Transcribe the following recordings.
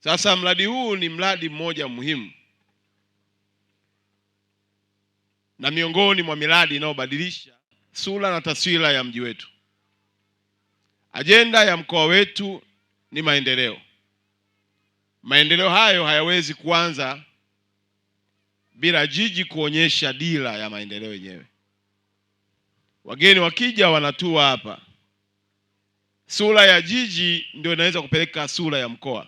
Sasa mradi huu ni mradi mmoja muhimu na miongoni mwa miradi inayobadilisha sura na taswira ya mji wetu. Ajenda ya mkoa wetu ni maendeleo. Maendeleo hayo hayawezi kuanza bila jiji kuonyesha dira ya maendeleo yenyewe. Wageni wakija wanatua hapa, sura ya jiji ndio inaweza kupeleka sura ya mkoa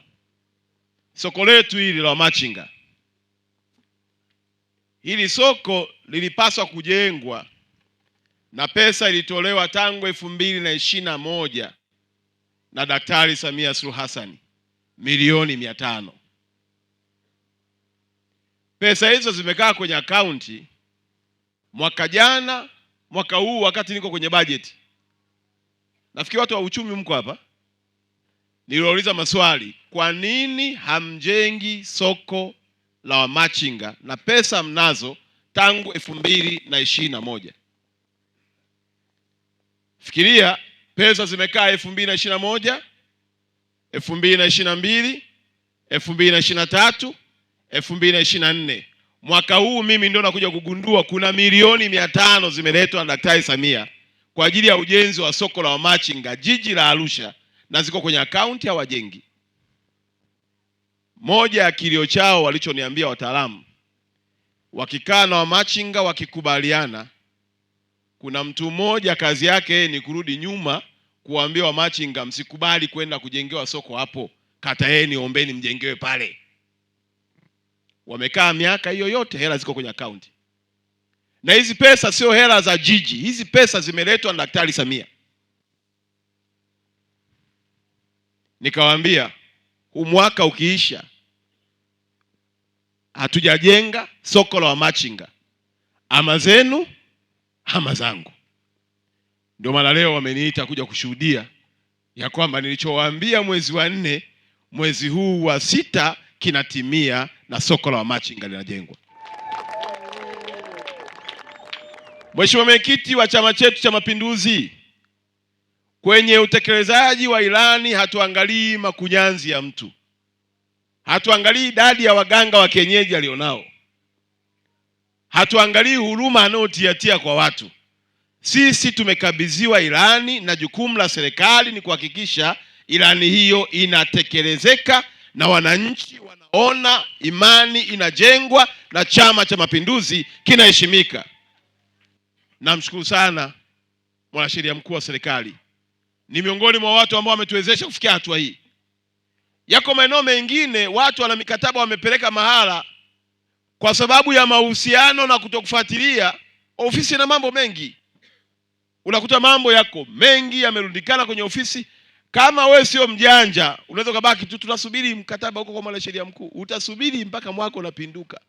soko letu hili la machinga hili soko lilipaswa kujengwa na pesa ilitolewa tangu elfu mbili na ishirini na moja na Daktari Samia Suluhu Hassan milioni mia tano. Pesa hizo zimekaa kwenye akaunti mwaka jana, mwaka huu, wakati niko kwenye bajeti. Nafikiri watu wa uchumi mko hapa niliwauliza maswali, kwa nini hamjengi soko la wamachinga na pesa mnazo tangu elfu mbili na ishirini na moja? Fikiria pesa zimekaa elfu mbili na ishirini na moja, elfu mbili na ishirini na mbili, elfu mbili na ishirini na tatu, elfu mbili na ishirini na nne. Mwaka huu mimi ndio nakuja kugundua kuna milioni mia tano zimeletwa na Daktari Samia kwa ajili ya ujenzi wa soko la wamachinga jiji la Arusha na ziko kwenye akaunti wajengi. Moja ya kilio chao walichoniambia wataalamu, wakikaa na wamachinga wakikubaliana, kuna mtu mmoja kazi yake ni kurudi nyuma kuambia wamachinga, msikubali kwenda kujengewa soko hapo, kata yeni, ombeni mjengewe pale. Wamekaa miaka hiyo yote, hela ziko kwenye akaunti. Na hizi pesa sio hela za jiji, hizi pesa zimeletwa na Daktari Samia. Nikawaambia huu mwaka ukiisha, hatujajenga soko la wamachinga, ama zenu ama zangu. Ndio maana leo wameniita kuja kushuhudia ya kwamba nilichowaambia mwezi wa nne, mwezi huu wa sita kinatimia na soko la wamachinga linajengwa. mweshimua mwenyekiti wa chama chetu cha Mapinduzi Kwenye utekelezaji wa ilani hatuangalii makunyanzi ya mtu, hatuangalii idadi ya waganga wa kienyeji alionao, hatuangalii huruma anayotiatia kwa watu. Sisi tumekabidhiwa ilani na jukumu la serikali ni kuhakikisha ilani hiyo inatekelezeka na wananchi wanaona imani inajengwa na Chama cha Mapinduzi kinaheshimika. Namshukuru sana mwanasheria mkuu wa serikali ni miongoni mwa watu ambao wametuwezesha kufikia hatua hii. Yako maeneo mengine watu wana mikataba wamepeleka mahala, kwa sababu ya mahusiano na kutokufuatilia ofisi na mambo mengi, unakuta mambo yako mengi yamerundikana kwenye ofisi. Kama wewe sio mjanja, unaweza ukabaki tu, tunasubiri mkataba huko kwa mwanasheria mkuu, utasubiri mpaka mwaka unapinduka.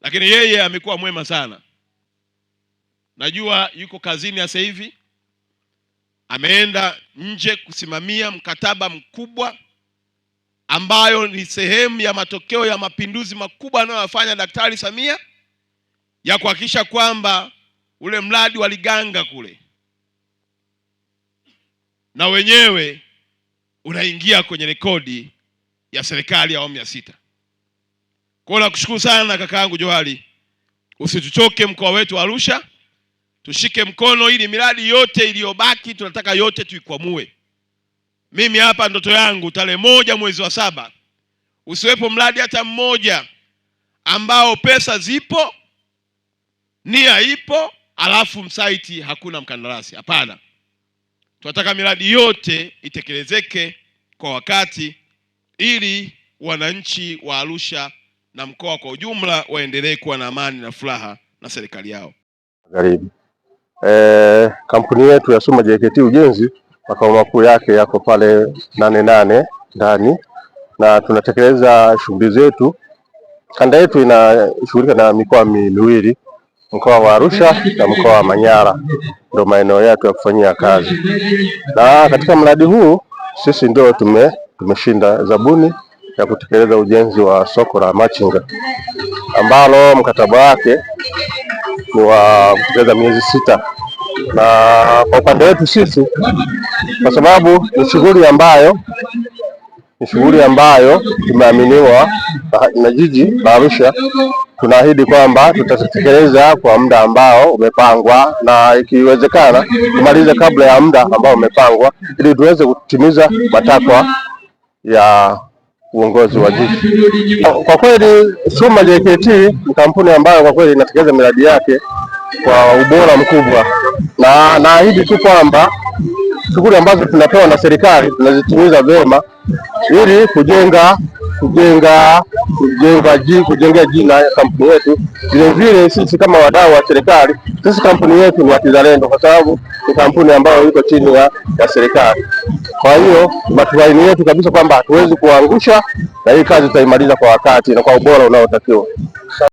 Lakini yeye amekuwa mwema sana najua yuko kazini sasa hivi, ameenda nje kusimamia mkataba mkubwa ambayo ni sehemu ya matokeo ya mapinduzi makubwa anayoyafanya Daktari Samia ya kuhakikisha kwamba ule mradi wa Liganga kule na wenyewe unaingia kwenye rekodi ya serikali ya awamu ya sita. Kwa nakushukuru sana kakaangu Johari, usituchoke mkoa wetu wa Arusha, tushike mkono ili miradi yote iliyobaki, tunataka yote tuikwamue. Mimi hapa ndoto yangu tarehe moja mwezi wa saba usiwepo mradi hata mmoja ambao pesa zipo, nia ipo, alafu msaiti hakuna mkandarasi. Hapana, tunataka miradi yote itekelezeke kwa wakati ili wananchi wa Arusha na mkoa kwa ujumla waendelee kuwa na amani na furaha na serikali yao. Magharibi eh, kampuni yetu ya Suma JKT Ujenzi makao makuu yake yako pale nane nane ndani, na tunatekeleza shughuli zetu. Kanda yetu inashughulika na mikoa miwili mkoa wa Arusha na mkoa wa Manyara, ndio maeneo yetu ya kufanyia kazi. Na katika mradi huu sisi ndio tume tumeshinda zabuni ya kutekeleza ujenzi wa soko la machinga ambalo mkataba wake ni wa miezi sita, na kwa upande wetu sisi, kwa sababu ni shughuli ambayo ni shughuli ambayo tumeaminiwa na jiji la Arusha, tunaahidi kwamba tutatekeleza kwa muda ambao umepangwa na ikiwezekana tumalize kabla ya muda ambao umepangwa ili tuweze kutimiza matakwa ya uongozi wa jiji. Kwa kweli SUMA JKT ni kampuni ambayo kwa kweli inatekeleza miradi yake kwa ubora mkubwa, na naahidi tu kwamba shughuli ambazo tunapewa na serikali tunazitimiza vyema ili kujenga kujenga kujenga ji kujengea jina ya kampuni yetu. Vilevile sisi kama wadau wa serikali, sisi kampuni yetu ni ya kizalendo, kwa sababu ni kampuni ambayo iko chini ya, ya serikali. Kwa hiyo matumaini yetu kabisa kwamba hatuwezi kuangusha na hii kazi tutaimaliza kwa wakati na kwa ubora unaotakiwa.